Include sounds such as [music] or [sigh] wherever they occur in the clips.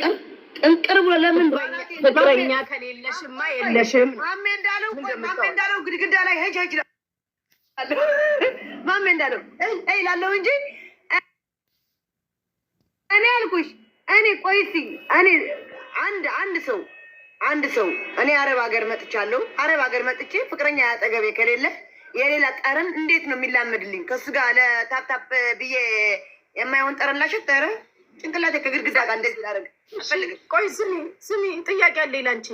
ቀን ቅንቅር ብሎ ለምን ፍቅረኛ ከሌለሽማ የለሽም። ማሜ እንዳለው ማሜ እንዳለው ግድግዳ ላይ ሄጅ ሄጅ ማሜ እንዳለው ይ ላለው እንጂ እኔ አልኩሽ። እኔ ቆይሲ እኔ አንድ አንድ ሰው አንድ ሰው እኔ አረብ ሀገር መጥቻለሁ። አረብ ሀገር መጥቼ ፍቅረኛ ያጠገቤ ከሌለ የሌላ ጠረን እንዴት ነው የሚላመድልኝ? ከሱ ጋር ለታፕታፕ ብዬ የማይሆን ጠረን ላሸት ጠረ ጭንቅላቴ ከግድግዳ ጋር እንደዚህ ላደርግ አልፈልግም። ቆይ ስሚ ስሚ፣ ጥያቄ አለኝ ይላንቺ።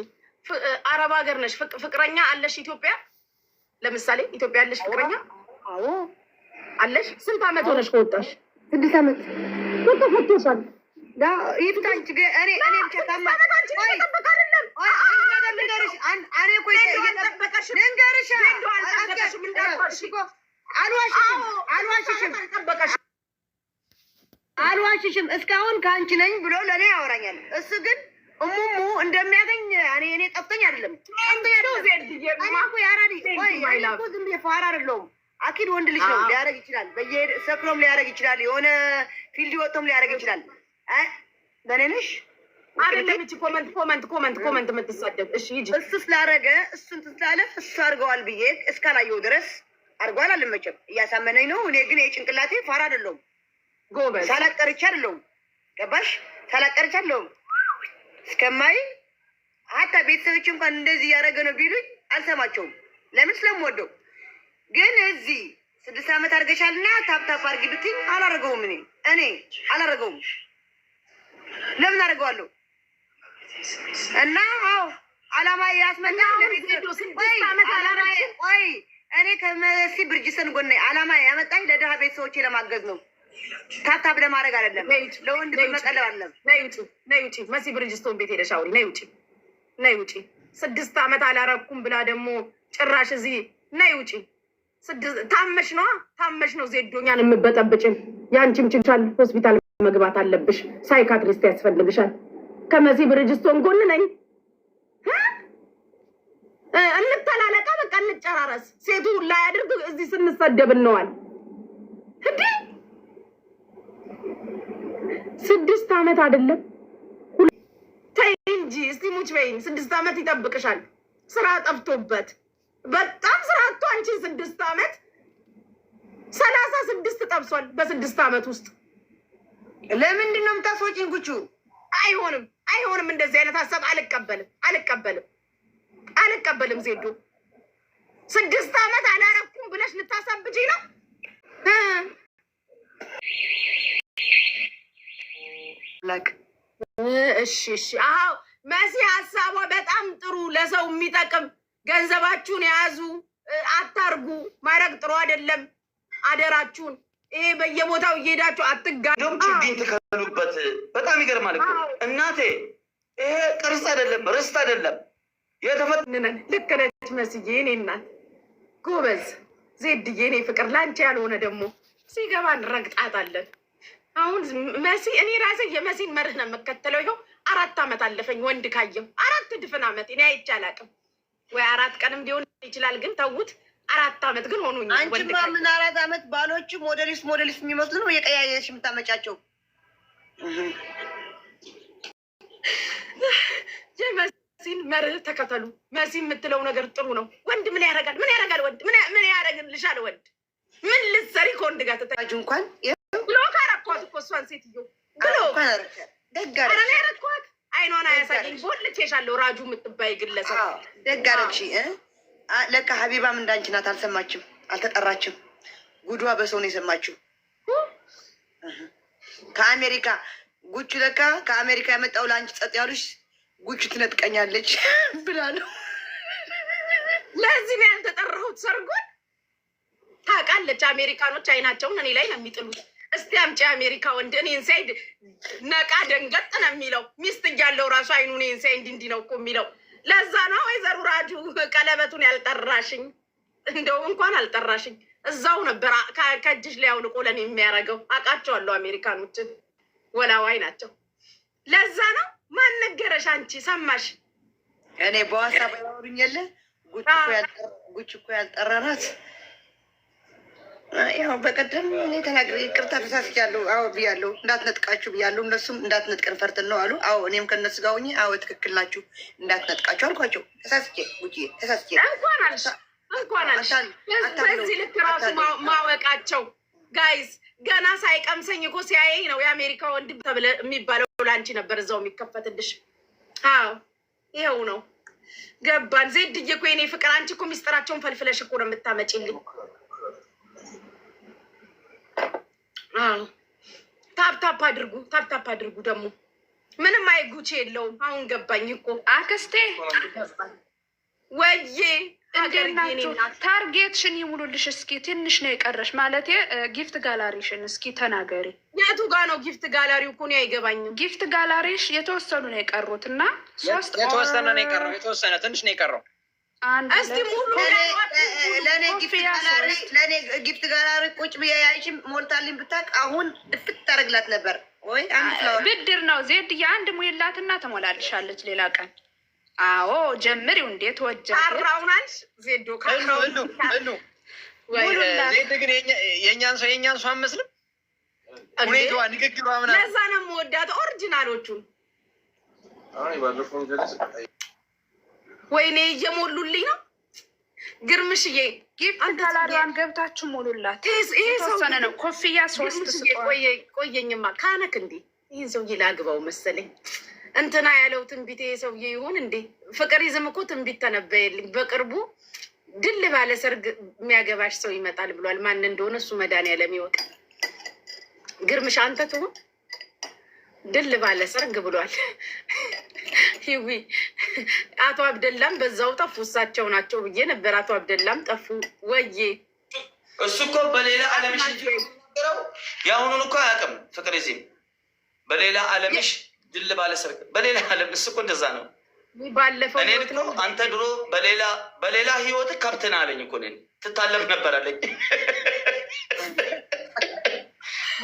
አረብ ሀገር ነሽ፣ ፍቅረኛ አለሽ? ኢትዮጵያ ለምሳሌ ኢትዮጵያ አለሽ ፍቅረኛ? አዎ አለሽ። ስንት አመት ሆነሽ ከወጣሽ? ስድስት አመት ወጣ ፈቶሻል። አልዋሽሽም አልዋሽሽም። እስካሁን ከአንቺ ነኝ ብሎ ለእኔ ያወራኛል። እሱ ግን እሙሙ እንደሚያገኝ እኔ እኔ ጠፍተኝ አይደለም ዝም ብዬ ፋራ አይደለሁም። አኪድ ወንድ ልጅ ነው፣ ሊያደርግ ይችላል። በየሄድ ሰክሮም ሊያደርግ ይችላል። የሆነ ፊልድ ወጥቶም ሊያደርግ ይችላል። በእኔ ነሽ አይደለም እቺ ኮመንት ኮመንት ኮመንት ኮመንት የምትሳደብ እሺ፣ ሂጂ። እሱ ስላረገ እሱ እንትን ስላለ እሱ አድርገዋል ብዬ እስካላየው ድረስ አድርጓል አልመቸም። እያሳመነኝ ነው። እኔ ግን የጭንቅላቴ ፋራ አይደለሁም። ጎበዝ ሳላቀርቻ አለውም ገባሽ? ሳላቀርቻ አለውም እስከማይ ሀታ ቤተሰቦች እንኳን እንደዚህ እያደረገ ነው ቢሉኝ አልሰማቸውም። ለምን ስለምወደው። ግን እዚህ ስድስት ዓመት አድርገሻልና ታፕታፕ አድርጊ ብትኝ አላደረገውም። እኔ እኔ አላደረገውም። ለምን አደርገዋለሁ? እና አዎ አላማ ያስመኛ ያስመና እኔ ከመሲ ብርጅሰን ጎና አላማ ያመጣኝ ለድሀ ቤተሰቦቼ ለማገዝ ነው። ታታብ ለማድረግ አይደለም፣ ለወንድ መቀለብ አይደለም። ነዩጭ መሲ ብርጅስቶን ቤት ሄደሽ አውሪ። ነይ ውጪ፣ ነይ ውጪ። ስድስት አመት አላረኩም ብላ ደግሞ ጭራሽ እዚህ ነይ ውጪ። ታመሽ ነዋ፣ ታመሽ ነው ዜዶኛን የምበጠብጭን። የአንቺም ችግር ሆስፒታል መግባት አለብሽ፣ ሳይካትሪስት ያስፈልግሻል። ከመሲ ብርጅስቶን ጎን ነኝ። እንተላለቃ፣ በቃ እንጨራረስ። ሴቱ ላይ አድርግ። እዚህ ስንሰደብ እንዋል ስድስት ዓመት አይደለም እንጂ እስቲ ሙች በይኝ። ስድስት ዓመት ይጠብቅሻል። ስራ ጠፍቶበት በጣም ስራ አጥቶ አንቺ ስድስት ዓመት ሰላሳ ስድስት ጠብሷል። በስድስት ዓመት ውስጥ ለምንድን ነው የምታስወጪኝ? ጉቹ አይሆንም፣ አይሆንም። እንደዚህ አይነት ሀሳብ አልቀበልም፣ አልቀበልም፣ አልቀበልም። ዜዶ ስድስት ዓመት አላረኩም ብለሽ ልታሳብጅኝ ነው? እሺ እሺ። አዎ መሲ ሀሳቧ በጣም ጥሩ፣ ለሰው የሚጠቅም ገንዘባችሁን የያዙ አታርጉ። ማድረግ ጥሩ አይደለም። አደራችሁን ይሄ በየቦታው እየሄዳችሁ አትጋዱም፣ ችግኝ ትከሉበት። በጣም ይገርማል እኮ እናቴ። ይሄ ቅርስ አይደለም ርስት አይደለም የተፈነን። ልክ ነች መስዬ፣ እኔ እናት ጎበዝ ዜድዬ፣ እኔ ፍቅር ላንቺ ያልሆነ ደግሞ ሲገባ እንረግጣታለን። አሁን መሲ እኔ ራሴ የመሲን መርህ ነው የምከተለው። ይኸው አራት አመት አለፈኝ ወንድ ካየው አራት ድፍን ዓመት እኔ አይቼ አላውቅም። ወይ አራት ቀንም ሊሆን ይችላል፣ ግን ተውት። አራት አመት ግን ሆኖኛል። አንቺማ ምን አራት ዓመት ባሎቹ ሞዴሊስት ሞዴሊስት የሚመስሉ ነው የቀያየሽ የምታመጫቸው። የመሲን መርህ ተከተሉ። መሲ የምትለው ነገር ጥሩ ነው። ወንድ ምን ያደርጋል? ምን ያደርጋል? ወንድ ምን ያደርግልሻል? ወንድ ምን ልትሰሪ ከወንድ ጋር ተተያጁ እንኳን እሷን ሴትዮ ብሎ ደጋረኳት። አይኗን አያሳየኝ ቦልቼሻለሁ። ራጁ የምትባይ ግለሰብ ደጋረች። ለካ ሀቢባም እንዳንቺ ናት። አልሰማችም፣ አልተጠራችም። ጉዷ በሰው ነው የሰማችው። ከአሜሪካ ጉቹ ለካ ከአሜሪካ የመጣው ለአንቺ ጸጥ ያሉሽ ጉቹ ትነጥቀኛለች [laughs] ብላ ነው። ለዚህ ነው ያልተጠራሁት። ሰርጉን ታውቃለች። አሜሪካኖች አይናቸውን እኔ ላይ ነው የሚጥሉት። እስቲ አምጪ አሜሪካ ወንድ እኔ ሳይድ ነቃ ደንገጥ ነው የሚለው። ሚስት እያለው ራሱ አይኑ እኔን ሳይድ እንዲህ ነው እኮ የሚለው። ለዛ ነው ወይዘሮ ራጁ ቀለበቱን ያልጠራሽኝ። እንደው እንኳን አልጠራሽኝ እዛው ነበር ከእጅሽ ላይ አውልቆ ለእኔ የሚያደርገው። አውቃቸዋለሁ አሜሪካኖችን ወላዋይ ናቸው። ለዛ ነው ማን ነገረሽ? አንቺ ሰማሽ? እኔ በዋሳ ባያወሩኝ የለ ጉጭ እኮ ያው በቀደም እኔ ተናግሬ ይቅርታ ተሳስቻለሁ፣ አዎ ብያለሁ፣ እንዳትነጥቃችሁ ብያለሁ። እነሱም እንዳትነጥቀን ፈርተን ነው አሉ። አዎ እኔም ከነሱ ጋር ሆኜ አዎ ትክክል ናችሁ፣ እንዳትነጥቃችሁ አልኳቸው። ተሳስቼ ጉጂ ተሳስቼ በዚህ ልክ ራሱ ማወቃቸው ጋይዝ፣ ገና ሳይቀምሰኝ እኮ ሲያየኝ ነው የአሜሪካ ወንድም ተብለ የሚባለው ለአንቺ ነበር እዛው የሚከፈትልሽ። አዎ ይኸው ነው ገባን። ዜድዬ እኮ የኔ ፍቅር፣ አንቺ እኮ ሚስጥራቸውን ፈልፍለሽ እኮ ነው የምታመጪልኝ ታፕ አድርጉ፣ ታፕታፕ አድርጉ። ደግሞ ምንም አይጉቼ የለውም። አሁን ገባኝ እኮ አክስቴ። ወዬ እንደናቸው ታርጌትሽን ይሙሉልሽ። እስኪ ትንሽ ነው የቀረሽ ማለት ጊፍት ጋላሪሽን እስኪ ተናገሪ። የቱ ጋ ነው ጊፍት ጋላሪው? እኮ እኔ አይገባኝም። ጊፍት ጋላሪሽ የተወሰኑ ነው የቀሩት እና ሶስት የተወሰነ ነው የቀረው። የተወሰነ ትንሽ ነው የቀረው እስቲ ሙሉ ለእኔ ጊፍት ጋላሪ ቁጭ ብዬ ሞልታልኝ ብታቅ አሁን ድፍት ታደርግላት ነበር። ወይ ብድር ነው ዜድ የአንድ ሙይላትና ተሞላልሻለች። ሌላ ቀን አዎ ጀምሪው። ዜዶ ዜድ ግን የእኛን ሰው የእኛን ሰው አመስልም ሁኔታዋ፣ ንግግሯ ምናምን ለዛ ነው የምወዳት ኦሪጂናሎቹን ወይኔ እየሞሉልኝ ነው። ግርምሽዬ አንታላሪዋን ገብታችሁ ሞሉላት። ይሄ ነው ኮፍያ ሶስት ቆየኝማ ካነክ እንዴ ይህን ሰውዬ ላግባው መሰለኝ። እንትና ያለው ትንቢት ይሄ ሰውዬ ይሆን እንዴ? ፍቅር ይዝም እኮ ትንቢት ተነበየልኝ። በቅርቡ ድል ባለ ሰርግ የሚያገባሽ ሰው ይመጣል ብሏል። ማን እንደሆነ እሱ መድኃኒዓለም ይወቅ። ግርምሽ አንተ ትሆን ድል ባለ ሰርግ ብሏል። ይዊ አቶ አብደላም በዛው ጠፉ። እሳቸው ናቸው ብዬ ነበር። አቶ አብደላም ጠፉ። ወዬ እሱ እኮ በሌላ አለምሽ የአሁኑን እኮ አያውቅም። ፍቅር ዜ በሌላ አለምሽ ድል ባለ ሰርግ በሌላ አለም እሱ እኮ እንደዛ ነው። ባለፈው እኔ ልክ ነው። አንተ ድሮ በሌላ በሌላ ህይወት ከብትን አለኝ እኮ እኔን ትታለብ ነበር አለኝ።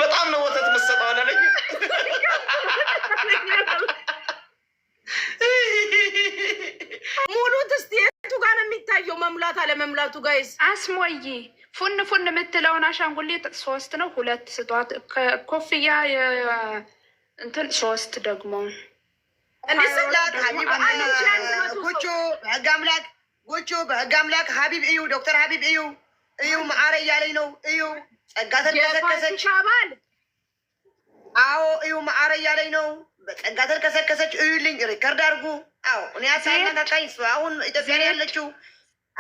በጣም ነው ወተት መሰጠዋል አለኝ ሙሉት እስኪ የቱ ጋር ነው የሚታየው? መሙላት አለመሙላቱ ጋይስ አስሞዬ ፉን ፉን የምትለውን አሻንጉሌ ሶስት ነው ሁለት ስጧት። ኮፍያ እንትን ሶስት ደግሞ ጎጆ በህግ አምላክ ሀቢብ እዩ ዶክተር ሀቢብ እዩ እዩ ማዕረ እያለኝ ነው እዩ ጸጋ ተልከሰከሰች። አዎ እዩ ማዕረ እያለኝ ነው ጸጋ ተልከሰከሰች። እዩልኝ ሪከርድ አድርጉ አዎ እኔ አታጣኝ። አሁን ኢትዮጵያ ያለችው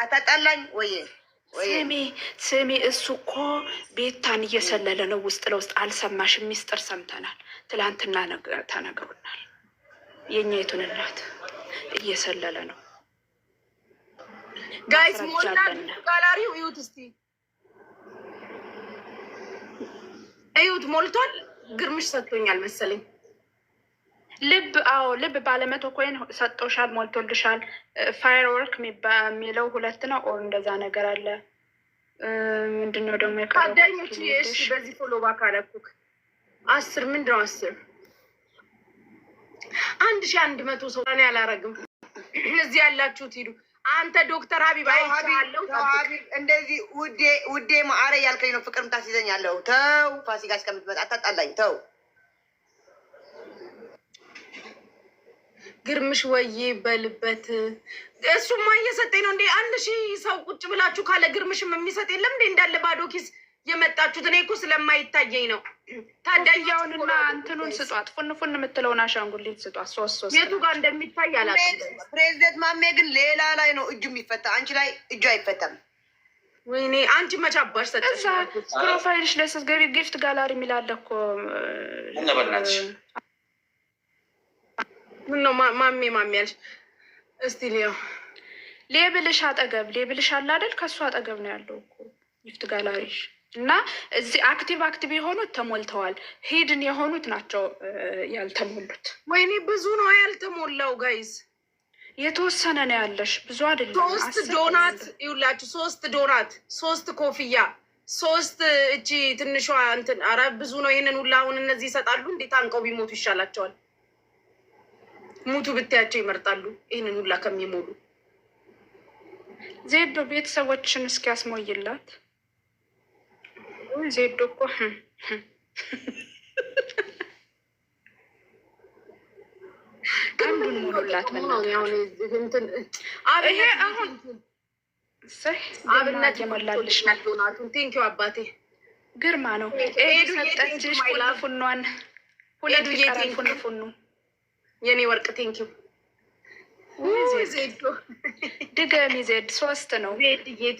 አታጣላኝ ወይ ስሜ ስሜ እሱ እኮ ቤታን እየሰለለ ነው ውስጥ ለውስጥ አልሰማሽ። ሚስጥር ሰምተናል። ትላንትና ተነግሮናል። የእኛ እናት እየሰለለ ነው። ጋይስ ሞላ ጋላሪው እዩት እስቲ እዩት፣ ሞልቷል። ግርምሽ ሰጥቶኛል መሰለኝ ልብ አዎ፣ ልብ ባለመቶ ኮይን ሰጠውሻል፣ ሞልቶልሻል። ፋየር የሚለው ሁለት ነው ኦር እንደዛ ነገር አለ። ምንድነው ደግሞ ታዳኞች? እሺ በዚህ ፎሎ ባክ አስር ምንድነው አስር አንድ ሺ አንድ መቶ ሰው እኔ አላረግም። እዚህ ያላችሁት ሂዱ። አንተ ዶክተር ሀቢብ አይቻለሁ። እንደዚህ ውዴ ውዴ ማዕረ ያልከኝ ነው ፍቅር ምታስይዘኛለሁ። ተው ፋሲካ እስከምትመጣ አታጣላኝ። ተው ግርምሽ ወይ በልበት እሱማ እየሰጠኝ ነው እንዴ! አንድ ሺህ ሰው ቁጭ ብላችሁ ካለ ግርምሽም የሚሰጥ የለም እንዴ! እንዳለ ባዶ ኪስ የመጣችሁት እኔ እኮ ስለማይታየኝ ነው። ታዳያውንና እንትኑን ስጧት፣ ፉን ፉን የምትለውን አሻንጉሊት ስጧት። ሶስት ሶስት የቱ ጋር እንደሚታይ አላ ፕሬዚደንት ማሜ ግን ሌላ ላይ ነው እጁ የሚፈታ፣ አንቺ ላይ እጁ አይፈታም። ወይኔ አንቺ መች አባሽ ሰጠ። ፕሮፋይልሽ ላይ ጊፍት ጋላሪ የሚላለ እኮ ምነው ማሜ ማሜ ያልሽ? እስቲ ሊያው ሌብልሽ አጠገብ ሌብልሽ አለ አይደል? ከእሱ አጠገብ ነው ያለው እኮ ጊፍት ጋላሪሽ እና እዚህ አክቲቭ አክቲቭ የሆኑት ተሞልተዋል። ሂድን የሆኑት ናቸው ያልተሞሉት። ወይኔ ብዙ ነው ያልተሞላው። ጋይዝ የተወሰነ ነው ያለሽ፣ ብዙ አይደለም። ሶስት ዶናት ይውላችሁ፣ ሶስት ዶናት፣ ሶስት ኮፍያ፣ ሶስት እቺ ትንሿ እንትን። አረ ብዙ ነው። ይህንን ሁላ አሁን እነዚህ ይሰጣሉ እንዴት? አንቀው ቢሞቱ ይሻላቸዋል። ሙቱ ብታያቸው ይመርጣሉ። ይህንን ሁላ ከሚሞሉ ዜዶ ቤተሰቦችን እስኪ እስኪያስሞይላት ዜዶ እኮ አንዱን ሞሉላት። ይሄ አሁን አብነት የሞላልሽ ናቱን ቴንኪው አባቴ ግርማ ነው ሰጠችሽ። ፉኗን ሁለት ቀረፉን ፉኑ የኔ ወርቅ ቴንኪው። ድገሚ ዜድ ሶስት ነው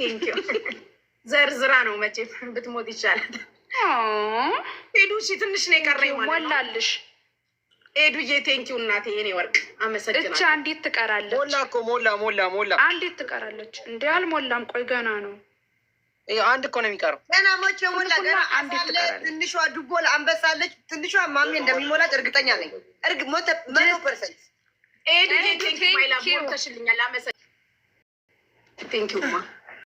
ቴንኪው። ዘርዝራ ነው መቼ ብትሞት ይቻላል። ሄዱ እሺ፣ ትንሽ ነው የቀረኝ ሞላልሽ። ኤዱዬ ቴንኪው እናቴ፣ የኔ ወርቅ አመሰግናለሁ። እቻ አንዲት ትቀራለች። ሞላ እኮ ሞላ ሞላ ሞላ፣ አንዲት ትቀራለች። እንዲ አልሞላም። ቆይ ገና ነው። አንድ እኮ ነው የሚቀረው። ገና መቼ ትንሿ ዱቦል አንበሳለች። ትንሿ ማሜ እንደሚሞላት እርግጠኛ ነኝ። እርግ ሞተ መቶ ፐርሰንት ቴንኪው ማ